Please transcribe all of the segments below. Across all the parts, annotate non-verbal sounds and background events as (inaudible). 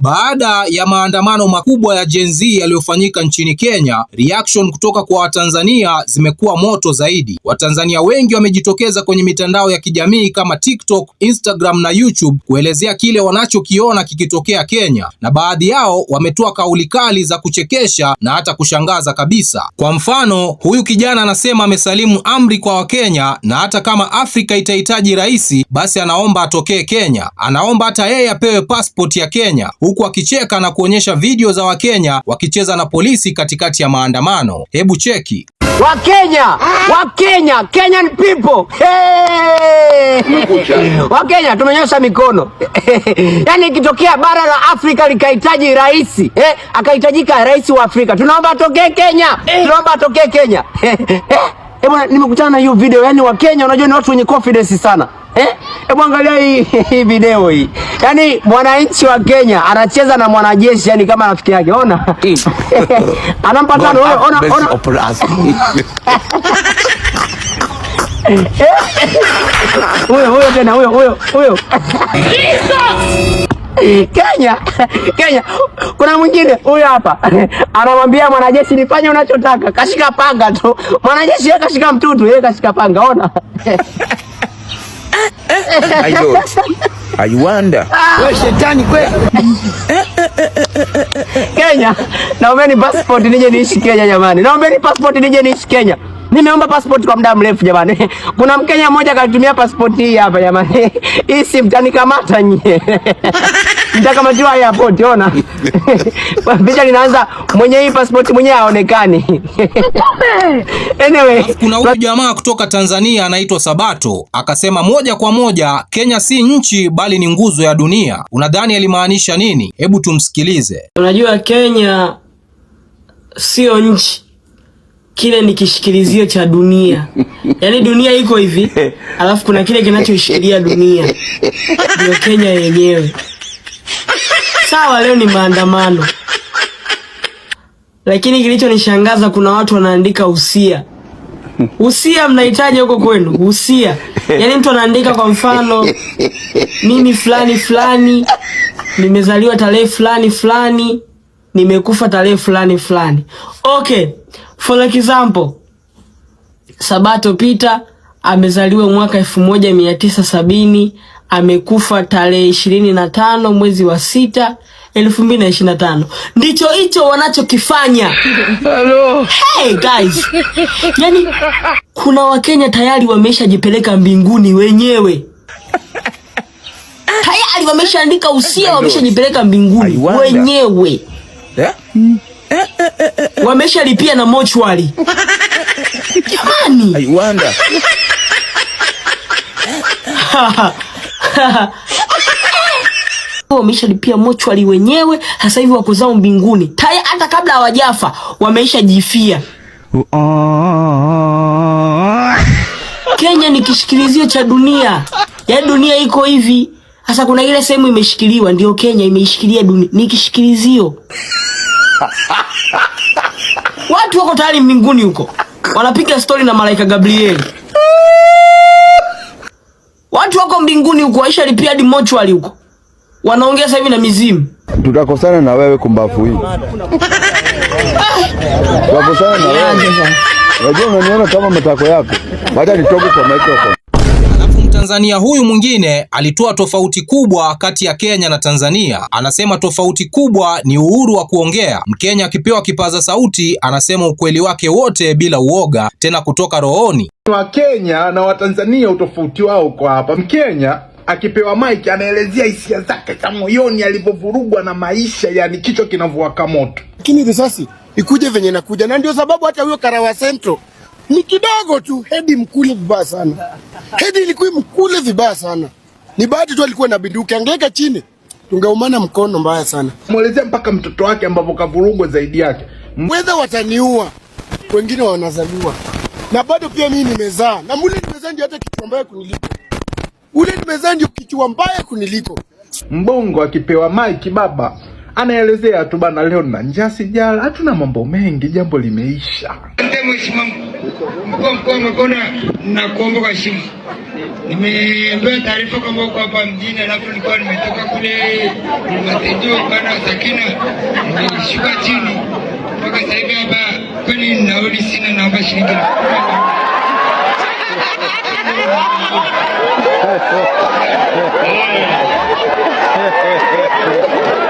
Baada ya maandamano makubwa ya Gen Z yaliyofanyika nchini Kenya, reaction kutoka kwa Watanzania zimekuwa moto zaidi. Watanzania wengi wamejitokeza kwenye mitandao ya kijamii kama TikTok, Instagram na YouTube kuelezea kile wanachokiona kikitokea Kenya, na baadhi yao wametoa kauli kali za kuchekesha na hata kushangaza kabisa. Kwa mfano, huyu kijana anasema amesalimu amri kwa Wakenya na hata kama Afrika itahitaji rais, basi anaomba atokee Kenya. Anaomba hata yeye apewe passport ya Kenya huku akicheka na kuonyesha video za Wakenya wakicheza na polisi katikati ya maandamano. Hebu cheki. Wakenya, Wakenya, Kenyan people. Hey! Wakenya tumenyosha mikono (laughs) yaani, ikitokea bara la Afrika likahitaji rais eh, akahitajika rais wa Afrika, tunaomba atokee Kenya, tunaomba atokee Kenya (laughs) Ebwana, eh nimekutana na hiyo video, yani kenya unajua ni watu wenye confidence sana. Eh? Hebu angalia hii (laughs) hii video hii. Yaani mwananchi wa Kenya anacheza na mwanajeshi yani kama rafiki yake. Ona. Eh. (laughs) Anampa tano wewe, ona ona. (laughs) Eh? Huyo huyo tena huyo huyo huyo. Kenya, Kenya. Kuna mwingine huyu hapa anamwambia mwanajeshi nifanye unachotaka, kashika panga tu. Mwanajeshi yeye kashika mtutu, yeye kashika panga. Ona Ah. (laughs) wewe, shetani kwe. Kenya, naombeni passport nije niishi Kenya jamani, naombeni passport nije niishi Kenya. Nimeomba passport kwa muda mrefu jamani. (laughs) Kuna Mkenya mmoja kalitumia passport hii hapa jamani. (laughs) Hii si mtanikamata nyie. Mtakamatiwa (laughs) airport ona. Picha linaanza mwenye hii passport mwenye haonekani. Anyway, kuna huyu jamaa kutoka Tanzania anaitwa Sabato akasema moja kwa moja Kenya si nchi bali ni nguzo ya dunia. Unadhani alimaanisha nini? Hebu tumsikilize. Unajua Kenya sio nchi kile ni kishikilizio cha dunia. (laughs) Yaani dunia iko hivi, alafu kuna kile kinachoishikilia dunia, ndio Kenya yenyewe. Sawa, leo ni maandamano, lakini kilichonishangaza kuna watu wanaandika usia. Usia mnahitaji huko kwenu? Usia yaani mtu anaandika kwa mfano, mimi fulani fulani nimezaliwa tarehe fulani fulani, nimekufa tarehe fulani fulani. Okay. For example, Sabato Peter amezaliwa mwaka elfu moja mia tisa sabini amekufa tarehe ishirini na tano mwezi wa sita elfu mbili na ishirini na tano Ndicho hicho wanachokifanya. Hey guys, yani kuna Wakenya tayari wameshajipeleka mbinguni wenyewe, tayari wameshaandika usia, wameshajipeleka mbinguni wenyewe yeah? mm wameshalipia na mochwari jamani. I wonder (laughs) wameshalipia mochwari wenyewe, sasa hivi wako zao mbinguni tayari, hata kabla hawajafa wameishajifia Kenya ni kishikilizio cha dunia, yaani dunia iko hivi sasa. Kuna ile sehemu imeshikiliwa, ndio Kenya imeishikilia dunia, ni kishikilizio (laughs) watu wako tayari mbinguni huko wanapiga stori na malaika Gabrieli. Watu wako mbinguni huko waishalipia di mochwali huko, wanaongea sasa hivi na mizimu. Tutakosana na wewe kumbafu hii. Tutakosana na wewe. Unajua unaniona kama matako yako. Baada nitoke kwa microphone. Mtanzania huyu mwingine alitoa tofauti kubwa kati ya Kenya na Tanzania. Anasema tofauti kubwa ni uhuru wa kuongea. Mkenya akipewa kipaza sauti anasema ukweli wake wote bila uoga, tena kutoka rohoni. Wakenya na Watanzania utofauti wao kwa hapa, Mkenya akipewa mike anaelezea hisia zake za moyoni, alivyovurugwa na maisha, yani kichwa kinavyowaka moto, lakini risasi ikuje venye nakuja, na ndio sababu hata huyo Karawa Central ni kidogo tu. Hedi mkule vibaya sana, Hedi ilikuwa mkule vibaya sana. Ni bahati tu alikuwa na binduki, angeweka chini tungeumana mkono mbaya sana. Mwelezea mpaka mtoto wake ambapo kavurugwa zaidi yake. Mweza wataniua, wengine wanazaliwa na bado pia mimi nimezaa na mule nimezaa, ndio hata kichwa mbaya kuniliko ule nimezaa, ndio kichwa mbaya kuniliko. Mbongo akipewa mike baba anaelezea tu bana, leo na njaa sijala, hatuna mambo mengi, jambo limeisha. Mheshimiwa mkuu mkoa wa Makona, taarifa kwamba uko hapa mjini, alafu nilikuwa nimetoka kule Matejeo upande Sakina, nimeshuka chini mpaka sasa hivi hapa, kwani nauli sina, naomba shilingi (laughs)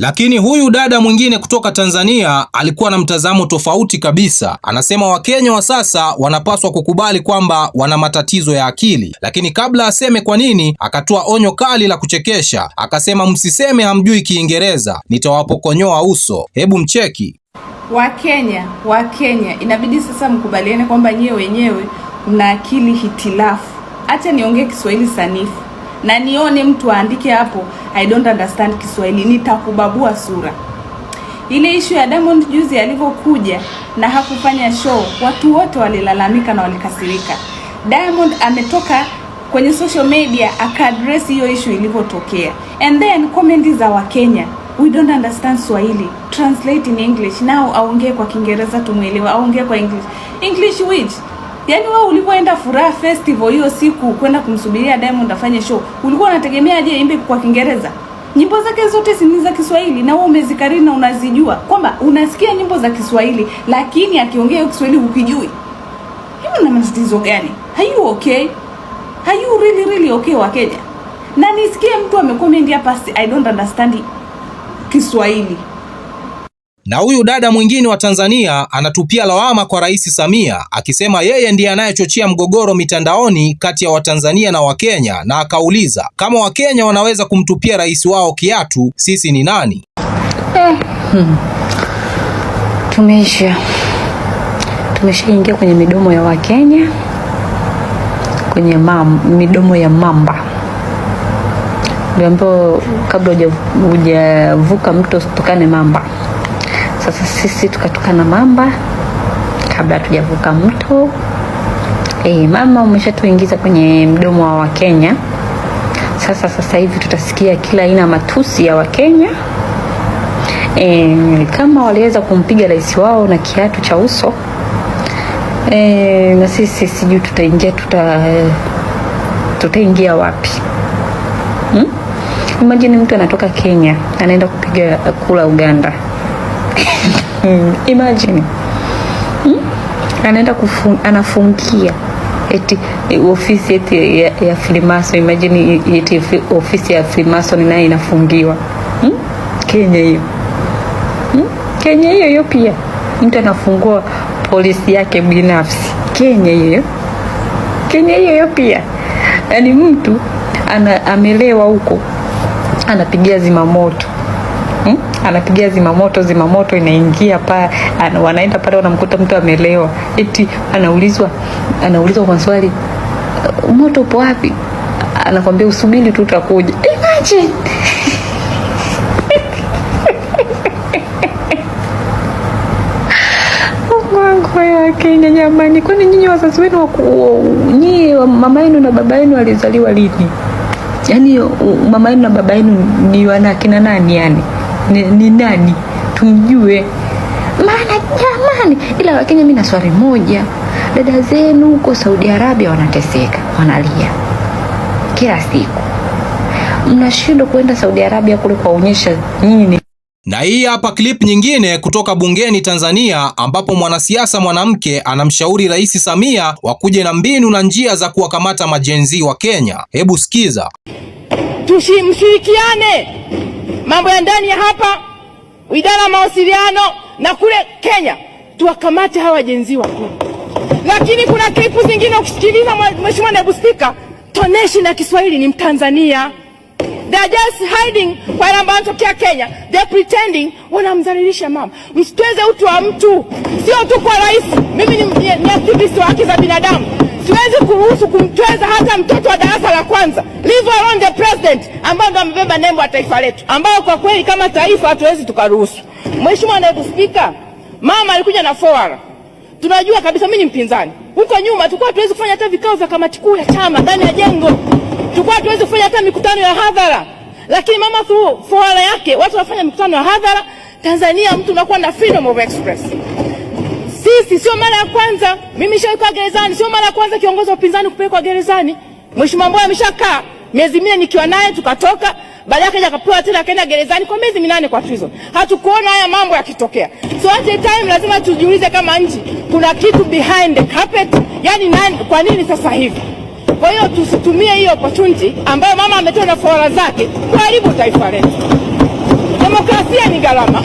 Lakini huyu dada mwingine kutoka Tanzania alikuwa na mtazamo tofauti kabisa. Anasema Wakenya wa sasa wanapaswa kukubali kwamba wana matatizo ya akili. Lakini kabla aseme kwa nini, akatoa onyo kali la kuchekesha, akasema msiseme hamjui Kiingereza, nitawapokonyoa uso. Hebu mcheki. Wakenya, Wakenya, inabidi sasa mkubaliane kwamba nyewe wenyewe mna akili hitilafu. Acha niongee Kiswahili sanifu na nione mtu aandike hapo I don't understand Kiswahili, nitakubabua sura. Ile ishu ya Diamond juzi alivyokuja na hakufanya show, watu wote walilalamika na walikasirika. Diamond ametoka kwenye social media akaadress hiyo ishu ilivyotokea, and then comment za Wakenya we don't understand Swahili, translate in English. now, aongee kwa Kiingereza tumwelewa, aongee kwa English, English which Yaani wewe ulipoenda Furaha Festival hiyo siku kwenda kumsubiria Diamond afanye show, ulikuwa unategemea aje imbe kwa Kiingereza? Nyimbo zake zote si za Kiswahili na wewe umezikariri na unazijua kwamba unasikia nyimbo za Kiswahili lakini akiongea Kiswahili ukijui. Hiyo na matatizo gani? Hayu okay? Hayu really really okay wa Kenya. Na nisikie mtu amecomment hapa I don't understand Kiswahili. Na huyu dada mwingine wa Tanzania anatupia lawama kwa Rais Samia akisema yeye ndiye anayechochea mgogoro mitandaoni kati ya Watanzania na Wakenya, na akauliza kama Wakenya wanaweza kumtupia rais wao kiatu, sisi ni nani? Eh, hmm. Tumeisha tumeshaingia kwenye midomo ya Wakenya, kwenye mam, midomo ya mamba ndio kabla hujavuka mto usitokane mamba. Sasa sisi tukatoka na mamba kabla hatujavuka mto. E, mama umeshatuingiza kwenye mdomo wa Wakenya. Sasa sasa hivi tutasikia kila aina matusi ya Wakenya. E, kama waliweza kumpiga rais wao na kiatu cha uso e, na sisi sijui tutaingia tuta tutaingia wapi hmm? Imagine mtu anatoka Kenya anaenda kupiga kula Uganda. Hmm, imagine hmm? Anaenda kufun, anafungia eti ofisi eti ya, ya Freemason. Imagine eti ofisi ya Freemason naye inafungiwa hmm? Kenya hiyo hmm? Kenya hiyo hiyo pia mtu anafungua polisi yake binafsi Kenya hiyo Kenya hiyo hiyo pia, yaani mtu ana, amelewa huko anapigia zimamoto anapigia zimamoto, zimamoto inaingia pa, wanaenda pale wanamkuta mtu amelewa, eti anaulizwa anaulizwa maswali, uh, moto upo wapi? Anakwambia usubiri tu utakuja. Imagine (laughs) Kenya jamani, kwani nyinyi wazazi wenu nyie, mama yenu na baba yenu walizaliwa lini? Yaani mama yenu na baba yenu ni wana akina nani yani? ni, ni nani tumjue, maana jamani. Ila Wakenya, mi na swali moja, dada zenu huko Saudi Arabia wanateseka, wanalia kila siku, mnashindwa kuenda Saudi Arabia kule kuwaonyesha nini na hii hapa klip nyingine kutoka bungeni Tanzania ambapo mwanasiasa mwanamke anamshauri Rais Samia wakuje na mbinu na njia za kuwakamata majenzi wa Kenya. Hebu sikiza. tushimshirikiane mambo ya ndani ya hapa, idara ya mawasiliano na kule Kenya, tuwakamate hawa wajenzi wakuu. Lakini kuna klipu zingine ukisikiliza, Mheshimiwa Naibu Spika, toneshi na Kiswahili ni Mtanzania. They are just hiding wale ambao wanatokea Kenya, they pretending, wanamdhalilisha mama. Msitweze utu wa mtu, sio tu kwa rais. Mimi ni, ni, ni aktivisti wa haki za binadamu hatuwezi kuruhusu kumtweza hata mtoto wa darasa la kwanza, leave alone the president, ambao ndo amebeba nembo ya taifa letu, ambao kwa kweli kama taifa hatuwezi tukaruhusu. Mheshimiwa Naibu Spika, mama alikuja na fora, tunajua kabisa mimi ni mpinzani. Huko nyuma tulikuwa hatuwezi kufanya hata vikao vya kamati kuu ya chama ndani ya jengo, tulikuwa hatuwezi kufanya hata mikutano ya hadhara, lakini mama through fowara yake watu wanafanya mikutano ya hadhara. Tanzania mtu unakuwa na freedom of express sisi, sio mara ya kwanza, mimi nishaikuwa gerezani, sio mara ya kwanza kiongozi wa upinzani kupelekwa gerezani. Mheshimiwa Mbowe ameshakaa miezi minne nikiwa naye tukatoka, baada yake akapewa tena akaenda gerezani kwa miezi minane kwa tuzo. Hatukuona haya mambo yakitokea, so at the time lazima tujiulize kama nchi kuna kitu behind the carpet, yani nani, kwa nini sasa hivi? Kwa hiyo tusitumie hiyo opportunity ambayo mama ametoa na fora zake kuharibu taifa letu. Demokrasia ni gharama,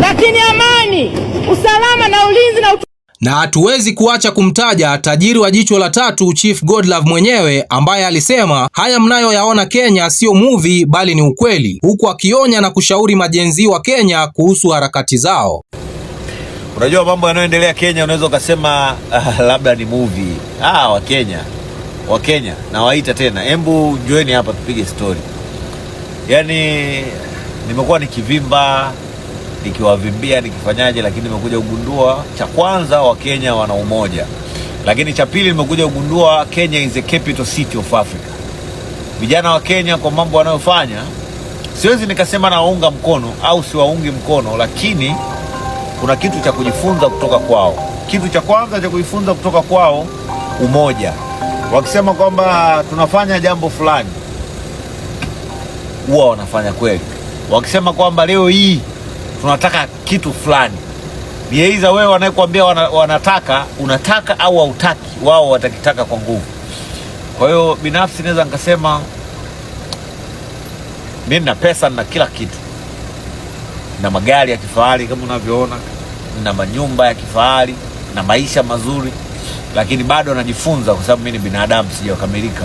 lakini amani, usalama na ulinzi na utu na hatuwezi kuacha kumtaja tajiri wa jicho la tatu Chief Godlove mwenyewe ambaye alisema haya mnayoyaona Kenya siyo movie bali ni ukweli, huku akionya na kushauri majenzi wa Kenya kuhusu harakati zao. Unajua mambo yanayoendelea Kenya, unaweza ukasema uh, labda ni movie. Ah, wa Kenya wa Kenya nawaita tena, hebu njoeni hapa tupige story. Yaani nimekuwa nikivimba nikiwavimbia nikifanyaje, lakini nimekuja kugundua cha kwanza, Wakenya wana umoja, lakini cha pili nimekuja kugundua Kenya is the capital city of Africa. Vijana wa Kenya kwa mambo wanayofanya, siwezi nikasema nawaunga mkono au siwaungi mkono, lakini kuna kitu cha kujifunza kutoka kwao. Kitu cha kwanza cha kujifunza kutoka kwao, umoja. Wakisema kwamba tunafanya jambo fulani, huwa wanafanya kweli. Wakisema kwamba leo hii tunataka kitu fulani. Either wewe wanayekuambia wanataka unataka au hautaki, wao watakitaka kwa nguvu. Kwa hiyo binafsi naweza nikasema mimi nina pesa, nina kila kitu, na magari ya kifahari kama unavyoona, na manyumba ya kifahari na maisha mazuri, lakini bado najifunza, kwa sababu mimi ni binadamu, sijakamilika.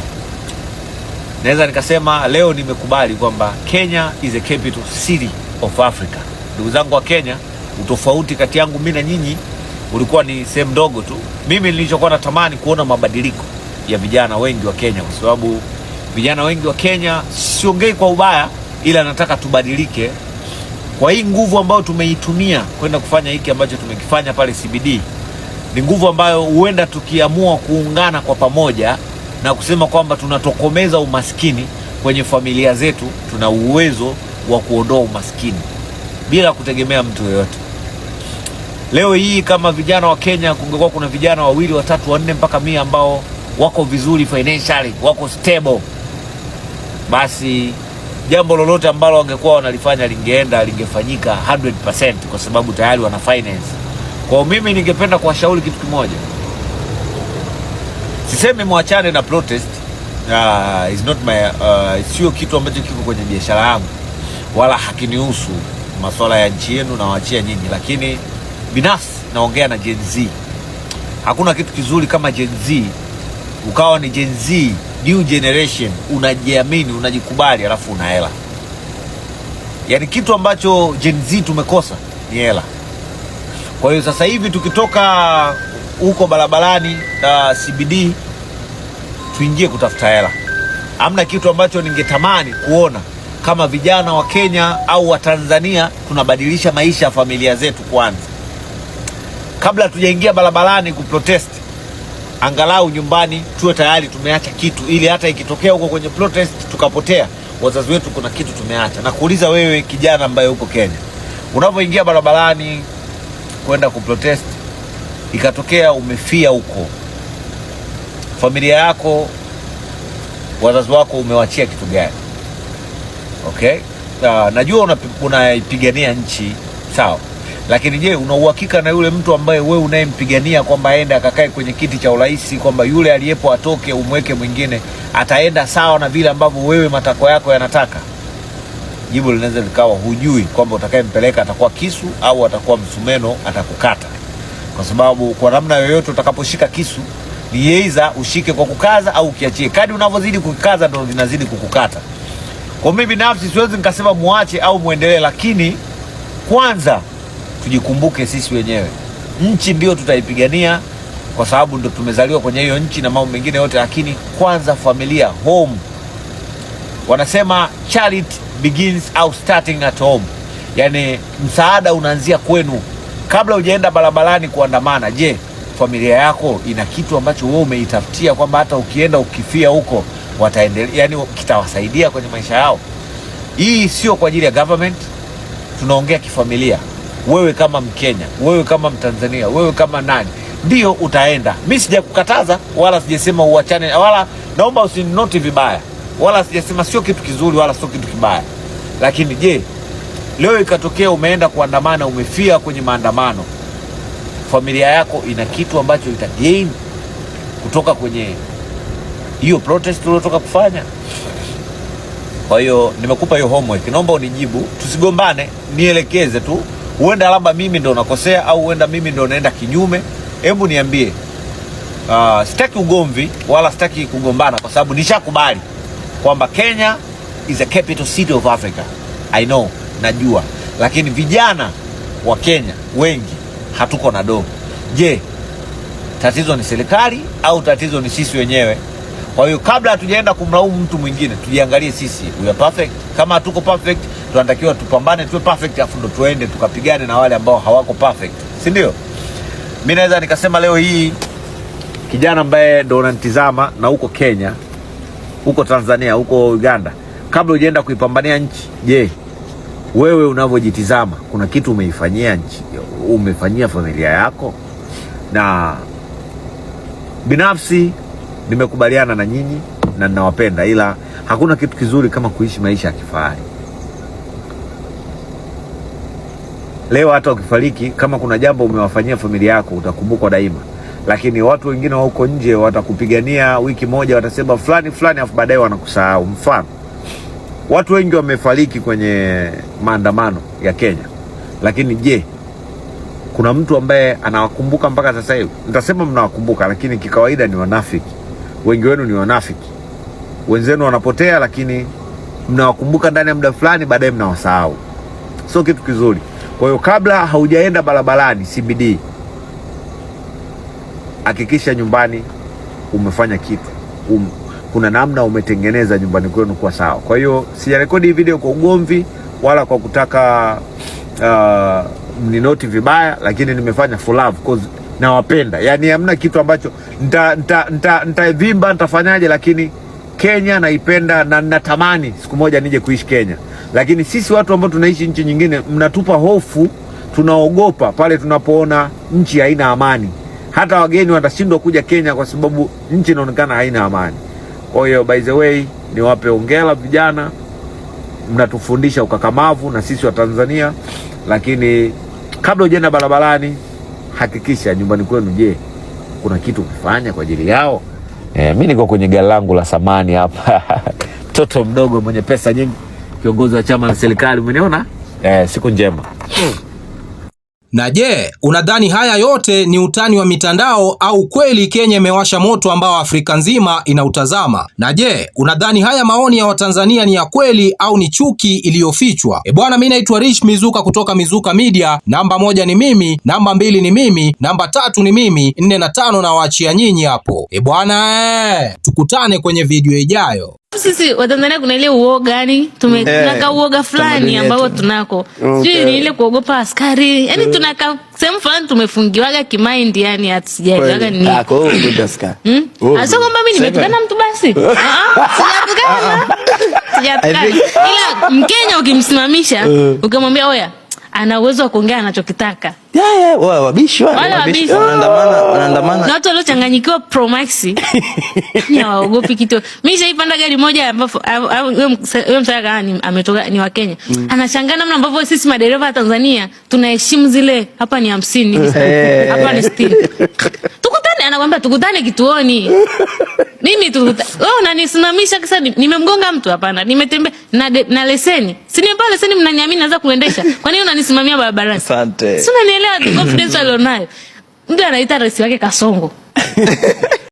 Naweza nikasema leo nimekubali kwamba Kenya is a capital city of Africa ndugu zangu wa Kenya, utofauti kati yangu mimi na nyinyi ulikuwa ni sehemu ndogo tu. Mimi nilichokuwa natamani kuona mabadiliko ya vijana wengi wa Kenya, kwa sababu vijana wengi wa Kenya, siongei kwa ubaya, ila nataka tubadilike kwa hii nguvu ambayo tumeitumia kwenda kufanya hiki ambacho tumekifanya pale CBD. Ni nguvu ambayo huenda tukiamua kuungana kwa pamoja na kusema kwamba tunatokomeza umaskini kwenye familia zetu, tuna uwezo wa kuondoa umaskini bila kutegemea mtu yoyote. Leo hii kama vijana wa Kenya kungekuwa kuna vijana wawili watatu wanne mpaka mia ambao wako vizuri financially, wako stable, basi jambo lolote ambalo wangekuwa wanalifanya lingeenda lingefanyika 100% kwa sababu tayari wana finance. Kwa mimi ningependa kuwashauri kitu kimoja, sisemi mwachane na protest. Uh, is not my uh, sio kitu ambacho kiko kwenye biashara yangu wala hakinihusu masuala ya nchi yenu nawaachia nyinyi, lakini binafsi naongea na Gen Z. Hakuna kitu kizuri kama Gen Z, ukawa ni Gen Z new generation, unajiamini unajikubali, alafu una hela. Yani kitu ambacho Gen Z tumekosa ni hela. Kwa hiyo sasa hivi tukitoka huko barabarani na CBD tuingie kutafuta hela. Hamna kitu ambacho ningetamani kuona kama vijana wa Kenya au wa Tanzania tunabadilisha maisha ya familia zetu kwanza, kabla tujaingia barabarani kuprotest. Angalau nyumbani tuwe tayari tumeacha kitu, ili hata ikitokea huko kwenye protest tukapotea, wazazi wetu kuna kitu tumeacha. Na kuuliza wewe kijana ambaye uko Kenya, unapoingia barabarani kwenda kuprotest, ikatokea umefia huko, familia yako, wazazi wako, umewachia kitu gani? okay? Uh, najua unaipigania una nchi sawa, lakini je, una uhakika na yule mtu ambaye wewe unayempigania kwamba aende akakae kwenye kiti cha urais, kwamba yule aliyepo atoke umweke mwingine, ataenda sawa na vile ambavyo wewe matakwa yako yanataka? Jibu linaweza likawa hujui kwamba utakayempeleka atakuwa kisu au atakuwa msumeno, atakukata kwa sababu kwa namna yoyote utakaposhika kisu ni yeiza ushike kwa kukaza au ukiachie. Kadi unavyozidi kukaza ndio vinazidi kukukata. Kwa mimi binafsi siwezi nikasema muache au muendelee, lakini kwanza tujikumbuke sisi wenyewe. Nchi ndio tutaipigania kwa sababu ndo tumezaliwa kwenye hiyo nchi na mambo mengine yote, lakini kwanza familia, home. Wanasema charity begins au starting at home, yani msaada unaanzia kwenu. Kabla hujaenda barabarani kuandamana, je, familia yako ina kitu ambacho wewe umeitafutia kwamba hata ukienda ukifia huko wataendelea, yani kitawasaidia kwenye maisha yao. Hii sio kwa ajili ya government, tunaongea kifamilia. Wewe kama Mkenya, wewe kama Mtanzania, wewe kama nani, ndio utaenda. Mi sijakukataza wala sijasema uachane, wala naomba usinoti vibaya, wala sijasema sio kitu kizuri wala sio kitu kibaya, lakini je, leo ikatokea umeenda kuandamana, umefia kwenye maandamano, familia yako ina kitu ambacho itagain kutoka kwenye hiyo protest uliotoka kufanya. Kwa hiyo nimekupa hiyo homework, naomba unijibu, tusigombane, nielekeze tu. Huenda labda mimi ndo nakosea au huenda mimi ndo naenda kinyume, hebu niambie. Uh, sitaki ugomvi wala sitaki kugombana kwa sababu nishakubali kwamba Kenya is a capital city of Africa. I know, najua, lakini vijana wa Kenya wengi hatuko na do. Je, tatizo ni serikali au tatizo ni sisi wenyewe? Kwa hiyo kabla hatujaenda kumlaumu mtu mwingine, tujiangalie sisi, we are perfect. Kama hatuko perfect, tunatakiwa tupambane tuwe perfect, afu ndo tuende tukapigane na wale ambao hawako perfect, si ndio? Mimi naweza nikasema leo hii kijana ambaye ndo unanitizama na huko Kenya, huko Tanzania, huko Uganda, kabla hujaenda kuipambania nchi, je, wewe unavyojitizama kuna kitu umeifanyia nchi, umefanyia familia yako? Na binafsi nimekubaliana na nyinyi na ninawapenda, ila hakuna kitu kizuri kama kuishi maisha ya kifahari. Leo hata ukifariki, kama kuna jambo umewafanyia familia yako utakumbukwa daima, lakini watu wengine wa huko nje watakupigania wiki moja, watasema fulani fulani, afu baadaye wanakusahau. Mfano, watu wengi wamefariki kwenye maandamano ya Kenya, lakini je, kuna mtu ambaye anawakumbuka mpaka sasa hivi? Nitasema mnawakumbuka, lakini kikawaida ni wanafiki wengi wenu ni wanafiki, wenzenu wanapotea, lakini mnawakumbuka ndani ya muda fulani, baadaye mnawasahau. Sio kitu kizuri. Kwa hiyo kabla haujaenda barabarani CBD, hakikisha nyumbani umefanya kitu um, kuna namna umetengeneza nyumbani kwenu kwa sawa. Kwa hiyo sijarekodi hii video kwa ugomvi wala kwa kutaka uh, mninoti vibaya, lakini nimefanya for love cause nawapenda, yani hamna kitu ambacho nitavimba, ntafanyaje Lakini Kenya naipenda na ninatamani siku moja nije kuishi Kenya. Lakini sisi watu ambao tunaishi nchi nyingine, mnatupa hofu, tunaogopa pale tunapoona nchi haina amani. Hata wageni watashindwa kuja Kenya kwa sababu nchi inaonekana haina amani. Kwa hiyo by the way, niwape ongela vijana, mnatufundisha ukakamavu na sisi wa Tanzania. Lakini kabla ujenda barabarani, hakikisha nyumbani kwenu, je kuna kitu kufanya kwa ajili yao. E, mi niko kwenye gari langu la samani hapa (laughs) mtoto mdogo mwenye pesa nyingi, kiongozi wa chama na serikali, umeniona? E, siku njema. Hmm. Na je, unadhani haya yote ni utani wa mitandao au kweli Kenya imewasha moto ambao Afrika nzima inautazama? Na je, unadhani haya maoni ya Watanzania ni ya kweli au ni chuki iliyofichwa? E bwana, mimi naitwa Rich Mizuka kutoka Mizuka Media. Namba moja ni mimi, namba mbili ni mimi, namba tatu ni mimi, nne na tano na waachia nyinyi hapo. E bwana, tukutane kwenye video ijayo. Sisi Watanzania kuna ile uoga yani eh, tunaka hey, uoga fulani ambao tunako okay. Sijui ni ile kuogopa askari yani mm. Tunaka sehemu fulani tumefungiwaga kimaindi yani hatusijaelewaga ni ah, hmm? ah kwamba mimi nimetukana mtu basi (laughs) ah, ah, sijatukana sijatukana, ila Mkenya ukimsimamisha eh. ukamwambia oya ana uwezo wa kuongea anachokitaka. Yeah, yeah, wabishi wale wabishi wanaandamana wanaandamana. Na watu waliochanganyikiwa Promax (laughs) ni waogopi kitu. Mimi shaipanda gari moja ambapo wewe msaka ni ametoka ni wa Kenya. Mm. namna ambavyo sisi madereva wa Tanzania tunaheshimu zile hapa ni 50. (laughs) Eh. Hapa ni 60. (laughs) anakwambia tukutane kituoni. (laughs) Mimi tu Wewe unanisimamisha kisa nimemgonga mtu hapana. Nimetembea na, na leseni. Si ni leseni mnaniamini naweza kuendesha. Kwa nini unanisimamia barabarani? Asante. Si unanielewa confidence alionayo. Mtu anaita rais wake Kasongo. (laughs)